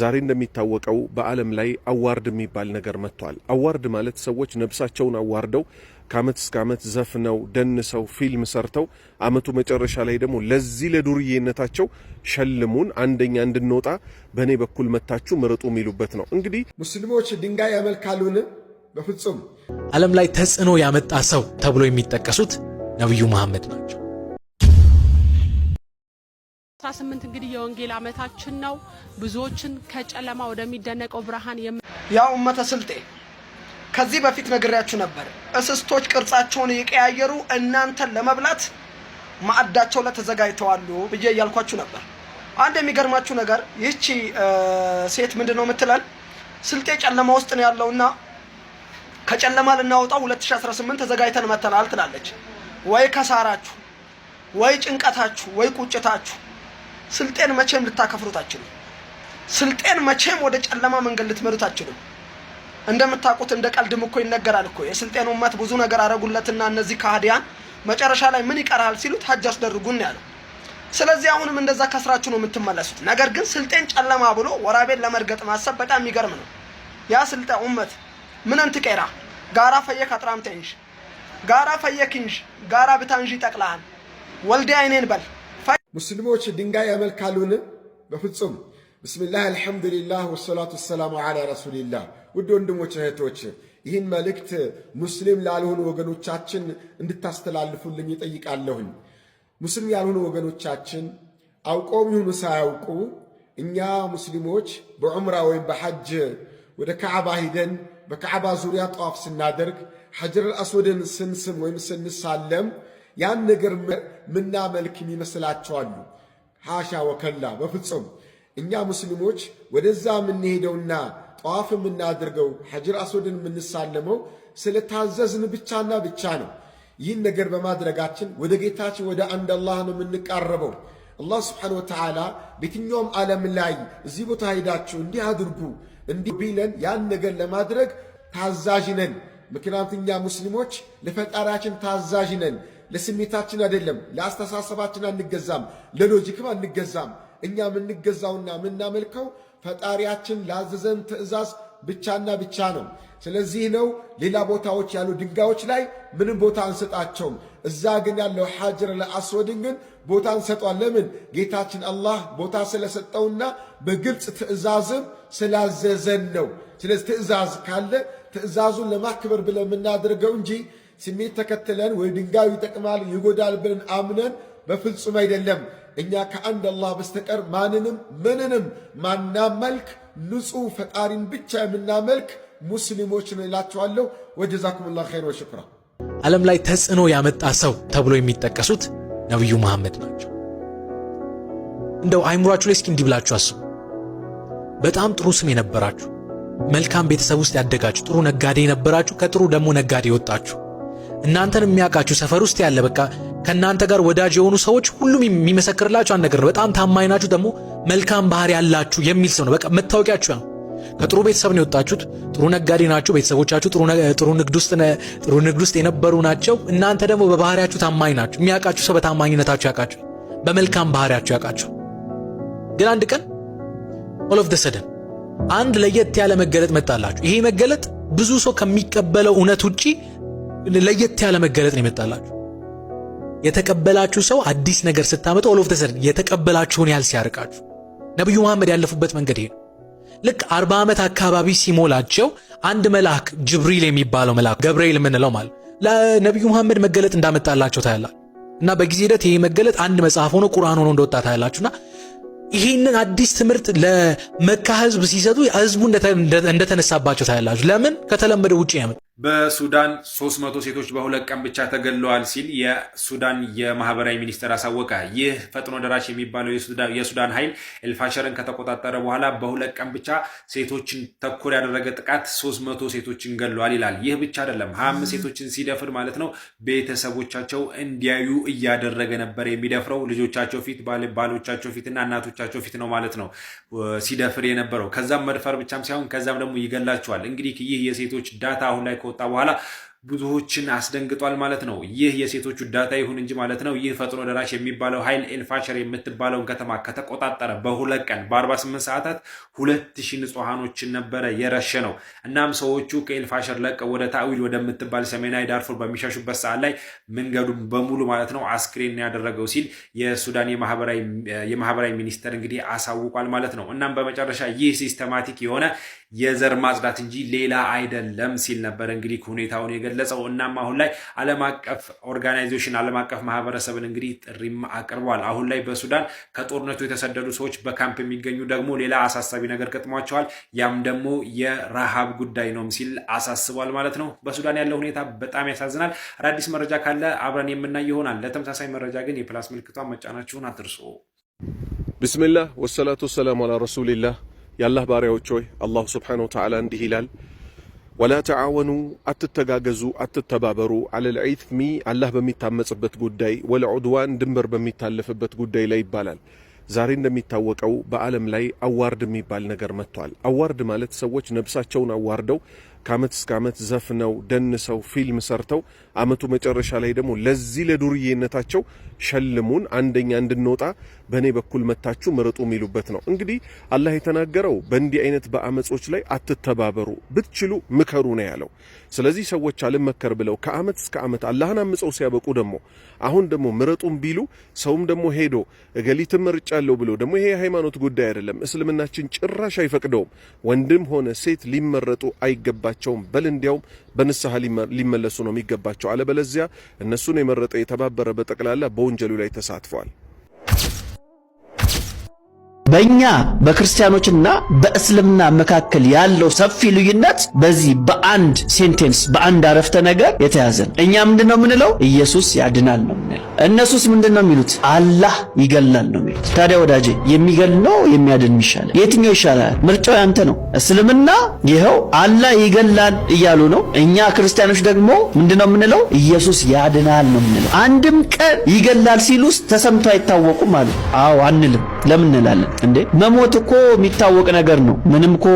ዛሬ እንደሚታወቀው በዓለም ላይ አዋርድ የሚባል ነገር መጥቷል። አዋርድ ማለት ሰዎች ነብሳቸውን አዋርደው ከአመት እስከ አመት ዘፍነው ደንሰው ፊልም ሰርተው አመቱ መጨረሻ ላይ ደግሞ ለዚህ ለዱርዬነታቸው ሸልሙን፣ አንደኛ እንድንወጣ በእኔ በኩል መታችሁ ምረጡ የሚሉበት ነው። እንግዲህ ሙስሊሞች ድንጋይ ያመልካሉን? በፍጹም። ዓለም ላይ ተጽዕኖ ያመጣ ሰው ተብሎ የሚጠቀሱት ነቢዩ መሐመድ ናቸው። 18 እንግዲህ የወንጌል አመታችን ነው። ብዙዎችን ከጨለማ ወደሚደነቀው ብርሃን ያው እመተ ስልጤ ከዚህ በፊት ነግሬያችሁ ነበር። እስስቶች ቅርጻቸውን እየቀያየሩ እናንተን ለመብላት ማዕዳቸው ላይ ተዘጋጅተዋሉ ብዬ እያልኳችሁ ነበር። አንድ የሚገርማችሁ ነገር ይህቺ ሴት ምንድን ነው የምትለን? ስልጤ ጨለማ ውስጥ ነው ያለውና ከጨለማ ልናወጣው 2018 ተዘጋጅተን መተናል ትላለች። ወይ ከሳራችሁ፣ ወይ ጭንቀታችሁ፣ ወይ ቁጭታችሁ ስልጤን መቼም ልታከፍሩት አችሉም። ስልጤን መቼም ወደ ጨለማ መንገድ ልትመሩት አችሉም። እንደምታውቁት እንደ ቀልድም እኮ ይነገራል እኮ የስልጤን ኡመት ብዙ ነገር አረጉለትና እነዚህ ከሃዲያን መጨረሻ ላይ ምን ይቀርሃል ሲሉት ሀጅ አስደርጉን ያለው። ስለዚህ አሁንም እንደዛ ከስራችሁ ነው የምትመለሱት። ነገር ግን ስልጤን ጨለማ ብሎ ወራቤን ለመርገጥ ማሰብ በጣም የሚገርም ነው። ያ ስልጠ ኡመት ምን እንትቀራ ጋራ ፈየክ አጥራምተ እንጂ ጋራ ፈየክ እንጂ ጋራ ብታንጂ ይጠቅልሃል ወልዴ አይኔን በል ሙስሊሞች ድንጋይ ያመልካሉን? በፍጹም። ብስሚላህ አልሐምዱሊላህ፣ ወሰላቱ ወሰላሙ ዓላ ረሱሊላህ። ውድ ወንድሞች እህቶች፣ ይህን መልእክት ሙስሊም ላልሆኑ ወገኖቻችን እንድታስተላልፉልኝ ይጠይቃለሁኝ። ሙስሊም ያልሆኑ ወገኖቻችን አውቀውም ይሁኑ ሳያውቁ እኛ ሙስሊሞች በዑምራ ወይም በሐጅ ወደ ከዓባ ሂደን በከዓባ ዙሪያ ጠዋፍ ስናደርግ ሐጀር አልአስወድን ስንስም ወይም ስንሳለም ያን ነገር ምናመልክም ይመስላቸዋሉ። ሀሻ ወከላ በፍጹም እኛ ሙስሊሞች ወደዛ የምንሄደውና ጠዋፍ የምናደርገው ሐጅር አስወድን የምንሳለመው ስለታዘዝን ብቻና ብቻ ነው። ይህን ነገር በማድረጋችን ወደ ጌታችን ወደ አንድ አላህ ነው የምንቃረበው። አላህ ስብሓነሁ ወተዓላ በየትኛውም ዓለም ላይ እዚህ ቦታ ሄዳችሁ እንዲህ አድርጉ እንዲህ ቢለን ያን ነገር ለማድረግ ታዛዥ ነን። ምክንያቱም እኛ ሙስሊሞች ለፈጣሪያችን ታዛዥ ነን። ለስሜታችን አይደለም፣ ለአስተሳሰባችን አንገዛም፣ ለሎጂክም አንገዛም። እኛ የምንገዛውና የምናመልከው ፈጣሪያችን ላዘዘን ትእዛዝ ብቻና ብቻ ነው። ስለዚህ ነው ሌላ ቦታዎች ያሉ ድንጋዮች ላይ ምንም ቦታ አንሰጣቸውም። እዛ ግን ያለው ሐጀር ለአስወድን ግን ቦታ እንሰጧል። ለምን? ጌታችን አላህ ቦታ ስለሰጠውና በግልጽ ትእዛዝም ስላዘዘን ነው። ስለዚህ ትእዛዝ ካለ ትእዛዙን ለማክበር ብለን የምናደርገው እንጂ ስሜት ተከትለን ወይ ድንጋዩ ይጠቅማል ይጎዳል ብለን አምነን በፍጹም አይደለም። እኛ ከአንድ አላህ በስተቀር ማንንም ምንንም ማናመልክ ንጹሕ ፈጣሪን ብቻ የምናመልክ ሙስሊሞች ነው ይላችኋለሁ። ወጀዛኩም ላ ኸይር ወሽኩራ። ዓለም ላይ ተጽዕኖ ያመጣ ሰው ተብሎ የሚጠቀሱት ነቢዩ መሐመድ ናቸው። እንደው አይምሯችሁ ላይ እስኪ እንዲህ ብላችሁ አስቡ። በጣም ጥሩ ስም የነበራችሁ መልካም ቤተሰብ ውስጥ ያደጋችሁ ጥሩ ነጋዴ የነበራችሁ ከጥሩ ደግሞ ነጋዴ ወጣችሁ እናንተን የሚያውቃችሁ ሰፈር ውስጥ ያለ በቃ ከእናንተ ጋር ወዳጅ የሆኑ ሰዎች ሁሉም የሚመሰክርላችሁ አንድ ነገር ነው። በጣም ታማኝ ናችሁ፣ ደግሞ መልካም ባህሪ ያላችሁ የሚል ሰው ነው። በቃ መታወቂያችሁ ነው። ከጥሩ ቤተሰብ ነው የወጣችሁት። ጥሩ ነጋዴ ናችሁ። ቤተሰቦቻችሁ ጥሩ ንግድ ውስጥ የነበሩ ናቸው። እናንተ ደግሞ በባህሪያችሁ ታማኝ ናችሁ። የሚያውቃችሁ ሰው በታማኝነታችሁ ያውቃችሁ፣ በመልካም ባህሪያችሁ ያውቃችሁ። ግን አንድ ቀን ኦል ኦፍ ደ ሰደን አንድ ለየት ያለ መገለጥ መጣላችሁ። ይሄ መገለጥ ብዙ ሰው ከሚቀበለው እውነት ውጪ ለየት ያለ መገለጥ ነው የመጣላችሁ። የተቀበላችሁ ሰው አዲስ ነገር ስታመጡ ኦሎፍ ተሰድን የተቀበላችሁን ያህል ሲያርቃችሁ። ነቢዩ መሐመድ ያለፉበት መንገድ ይሄ ነው። ልክ አርባ ዓመት አካባቢ ሲሞላቸው አንድ መልአክ ጅብሪል የሚባለው መልአክ ገብርኤል የምንለው ማለት ለነቢዩ መሐመድ መገለጥ እንዳመጣላቸው ታያላችሁ። እና በጊዜ ሂደት ይሄ መገለጥ አንድ መጽሐፍ ሆኖ ቁርአን ሆኖ እንደወጣ ታያላችሁና ይህንን አዲስ ትምህርት ለመካ ህዝብ ሲሰጡ ህዝቡ እንደተነሳባቸው ታያላችሁ። ለምን ከተለመደ ውጭ ያመጡ በሱዳን 300 ሴቶች በሁለት ቀን ብቻ ተገለዋል ሲል የሱዳን የማህበራዊ ሚኒስቴር አሳወቀ። ይህ ፈጥኖ ደራሽ የሚባለው የሱዳን ኃይል ኤልፋሸርን ከተቆጣጠረ በኋላ በሁለት ቀን ብቻ ሴቶችን ተኮር ያደረገ ጥቃት 300 ሴቶችን ገለዋል ይላል። ይህ ብቻ አይደለም፣ ሀያ ሴቶችን ሲደፍር ማለት ነው ቤተሰቦቻቸው እንዲያዩ እያደረገ ነበር የሚደፍረው ልጆቻቸው ፊት፣ ባሎቻቸው ፊትና እናቶቻቸው ፊት ነው ማለት ነው ሲደፍር የነበረው። ከዛም መድፈር ብቻም ሳይሆን ከዛም ደግሞ ይገላቸዋል። እንግዲህ ይህ የሴቶች ዳታ አሁን ላይ ከወጣ በኋላ ብዙዎችን አስደንግጧል ማለት ነው። ይህ የሴቶች ዳታ ይሁን እንጂ ማለት ነው። ይህ ፈጥኖ ደራሽ የሚባለው ኃይል ኤልፋሸር የምትባለውን ከተማ ከተቆጣጠረ በሁለት ቀን በ48 ሰዓታት ሁለት ሺህ ንጹሐኖችን ነበረ የረሸ ነው። እናም ሰዎቹ ከኤልፋሸር ለቀው ወደ ታዊል ወደምትባል ሰሜናዊ ዳርፉር በሚሻሹበት ሰዓት ላይ መንገዱን በሙሉ ማለት ነው አስክሬን ያደረገው ሲል የሱዳን የማህበራዊ ሚኒስተር እንግዲህ አሳውቋል ማለት ነው። እናም በመጨረሻ ይህ ሲስተማቲክ የሆነ የዘር ማጽዳት እንጂ ሌላ አይደለም ሲል ነበር እንግዲህ ሁኔታውን የገለጸው። እናም አሁን ላይ ዓለም አቀፍ ኦርጋናይዜሽን ዓለም አቀፍ ማህበረሰብን እንግዲህ ጥሪም አቅርቧል። አሁን ላይ በሱዳን ከጦርነቱ የተሰደዱ ሰዎች በካምፕ የሚገኙ ደግሞ ሌላ አሳሳቢ ነገር ገጥሟቸዋል። ያም ደግሞ የረሃብ ጉዳይ ነው ሲል አሳስቧል ማለት ነው። በሱዳን ያለው ሁኔታ በጣም ያሳዝናል። አዳዲስ መረጃ ካለ አብረን የምናይ ይሆናል። ለተመሳሳይ መረጃ ግን የፕላስ ምልክቷን መጫናችሁን አትርሱ። ብስሚላህ ወሰላቱ ወሰላሙ አላ ረሱሊላህ የአላህ ባሪያዎች ሆይ አላሁ ስብሓነሁ ወተዓላ እንዲህ ይላል፣ ወላ ተዓወኑ አትተጋገዙ፣ አትተባበሩ አለል ኢትሚ አላህ በሚታመጽበት ጉዳይ ወለዑድዋን ድንበር በሚታለፍበት ጉዳይ ላይ ይባላል። ዛሬ እንደሚታወቀው በዓለም ላይ አዋርድ የሚባል ነገር መጥቷል። አዋርድ ማለት ሰዎች ነብሳቸውን አዋርደው ከዓመት እስከ ዓመት ዘፍነው ደንሰው ፊልም ሰርተው አመቱ መጨረሻ ላይ ደግሞ ለዚህ ለዱርዬነታቸው ሸልሙን አንደኛ እንድንወጣ በእኔ በኩል መታችሁ ምረጡ የሚሉበት ነው። እንግዲህ አላህ የተናገረው በእንዲህ አይነት በአመጾች ላይ አትተባበሩ፣ ብትችሉ ምከሩ ነው ያለው። ስለዚህ ሰዎች አልመከር ብለው ከአመት እስከ አመት አላህን አምጸው ሲያበቁ ደግሞ አሁን ደግሞ ምረጡም ቢሉ ሰውም ደግሞ ሄዶ እገሊትም መርጫለሁ ብሎ ደግሞ ይሄ የሃይማኖት ጉዳይ አይደለም፣ እስልምናችን ጭራሽ አይፈቅደውም። ወንድም ሆነ ሴት ሊመረጡ አይገባቸውም። በል እንዲያውም በንስሐ ሊመለሱ ነው የሚገባቸው። አለበለዚያ እነሱን የመረጠ የተባበረ በጠቅላላ በወንጀሉ ላይ ተሳትፏል። በእኛ በክርስቲያኖችና በእስልምና መካከል ያለው ሰፊ ልዩነት በዚህ በአንድ ሴንቴንስ በአንድ አረፍተ ነገር የተያዘ ነው። እኛ ምንድን ነው የምንለው? ኢየሱስ ያድናል ነው የምንለው። እነሱስ ምንድን ነው የሚሉት? አላህ ይገላል ነው የሚሉት። ታዲያ ወዳጄ የሚገል ነው የሚያድን ይሻላል? የትኛው ይሻላል? ምርጫው ያንተ ነው። እስልምና ይኸው አላህ ይገላል እያሉ ነው። እኛ ክርስቲያኖች ደግሞ ምንድን ነው የምንለው? ኢየሱስ ያድናል ነው የምንለው። አንድም ቀን ይገላል ሲሉስ ተሰምቶ አይታወቁም አሉ። አዎ አንልም። ለምን እንላለን? እንዴ መሞት እኮ የሚታወቅ ነገር ነው። ምንም እኮ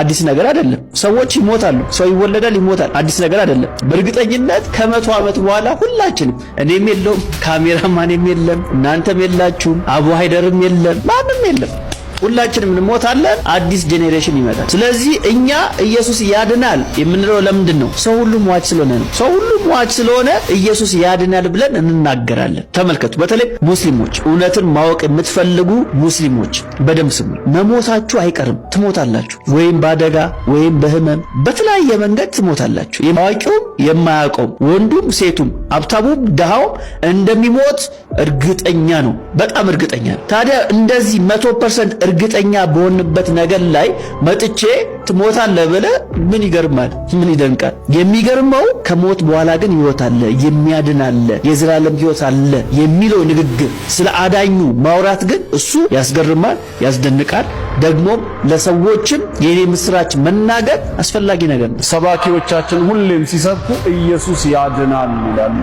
አዲስ ነገር አይደለም። ሰዎች ይሞታሉ። ሰው ይወለዳል፣ ይሞታል። አዲስ ነገር አይደለም። በእርግጠኝነት ከመቶ ዓመት በኋላ ሁላችንም እኔም የለውም፣ ካሜራማንም የለም፣ እናንተም የላችሁም፣ አቡ ሃይደርም የለም፣ ማንም የለም። ሁላችንም እንሞታለን። አዲስ ጄኔሬሽን ይመጣል። ስለዚህ እኛ ኢየሱስ ያድናል የምንለው ለምንድን ነው? ሰው ሁሉ ሟች ስለሆነ ነው። ሰው ሁሉ ሟች ስለሆነ ኢየሱስ ያድናል ብለን እንናገራለን። ተመልከቱ፣ በተለይ ሙስሊሞች፣ እውነትን ማወቅ የምትፈልጉ ሙስሊሞች በደንብ ስሙ። መሞታችሁ አይቀርም፣ ትሞታላችሁ። ወይም በአደጋ ወይም በህመም በተለያየ መንገድ ትሞታላችሁ። አዋቂውም የማያውቀውም ወንዱም ሴቱም ሀብታሙም ድሃውም እንደሚሞት እርግጠኛ ነው። በጣም እርግጠኛ ነው። ታዲያ እንደዚህ መቶ ፐርሰንት እርግጠኛ በሆንበት ነገር ላይ መጥቼ ትሞታለህ ብለህ ምን ይገርማል? ምን ይደንቃል? የሚገርመው ከሞት በኋላ ግን ህይወት አለ፣ የሚያድን አለ፣ የዘላለም ህይወት አለ የሚለው ንግግር ስለ አዳኙ ማውራት ግን እሱ ያስገርማል፣ ያስደንቃል። ደግሞም ለሰዎችም የኔ ምስራች መናገር አስፈላጊ ነገር ነው። ሰባኪዎቻችን ሁሌም ሲሰብኩ ኢየሱስ ያድናል ይላሉ።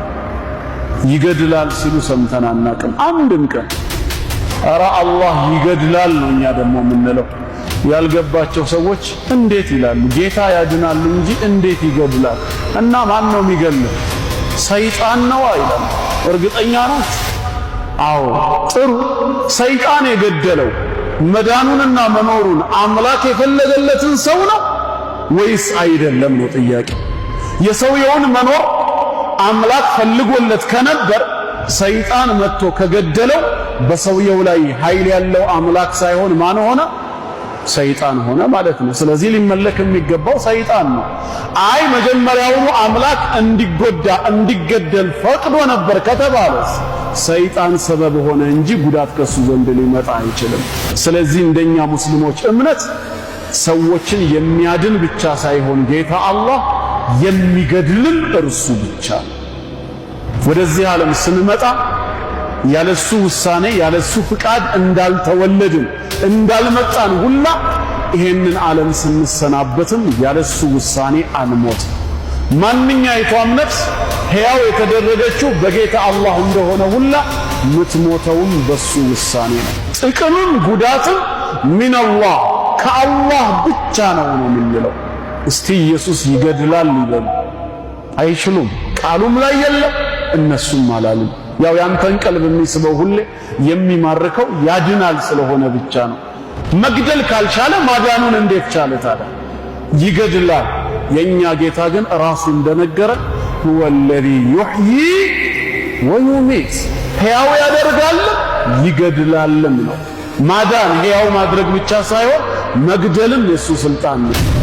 ይገድላል ሲሉ ሰምተን አናቅም አንድም ቀን። አረ አላህ ይገድላል ነው እኛ ደግሞ የምንለው። ያልገባቸው ሰዎች እንዴት ይላሉ? ጌታ ያድናሉ እንጂ እንዴት ይገድላል? እና ማን ነው የሚገድለው? ሰይጣን ነዋ ይላሉ። እርግጠኛ ናት? አዎ። ጥሩ ሰይጣን የገደለው መዳኑንና መኖሩን አምላክ የፈለገለትን ሰው ነው ወይስ አይደለም ነው ጥያቄ። የሰውየውን መኖር አምላክ ፈልጎለት ከነበር ሰይጣን መጥቶ ከገደለው በሰውየው ላይ ኃይል ያለው አምላክ ሳይሆን ማን ሆነ? ሰይጣን ሆነ ማለት ነው። ስለዚህ ሊመለክ የሚገባው ሰይጣን ነው። አይ መጀመሪያውኑ አምላክ እንዲጎዳ እንዲገደል ፈቅዶ ነበር ከተባለስ ሰይጣን ሰበብ ሆነ እንጂ ጉዳት ከሱ ዘንድ ሊመጣ አይችልም። ስለዚህ እንደኛ ሙስሊሞች እምነት ሰዎችን የሚያድን ብቻ ሳይሆን ጌታ አላህ የሚገድልም እርሱ ብቻ ነው። ወደዚህ ዓለም ስንመጣ ያለሱ ውሳኔ ያለሱ ፍቃድ እንዳልተወለድን እንዳልመጣን ሁላ ይሄንን ዓለም ስንሰናበትም ያለሱ ውሳኔ አንሞት። ማንኛይቷም ነፍስ ሕያው የተደረገችው በጌታ አላህ እንደሆነ ሁላ ምትሞተውም በሱ ውሳኔ ነው። ጥቅምም ጉዳትም ሚነላህ ከአላህ ብቻ ነው ነው የምንለው። እስቲ ኢየሱስ ይገድላል ይበሉ አይችሉም። ቃሉም ላይ የለም እነሱም አላሉም። ያው ያንተን ቀልብ የሚስበው ሁሌ የሚማርከው ያድናል ስለሆነ ብቻ ነው። መግደል ካልቻለ ማዳኑን እንዴት ቻለ ታዲያ? ይገድላል። የኛ ጌታ ግን ራሱ እንደነገረ ሁወ ለዚ ዩሕዪ ወዩሚት ሕያው ያደርጋል ይገድላልም ነው። ማዳን ሕያው ማድረግ ብቻ ሳይሆን መግደልም የእሱ ስልጣን ነው።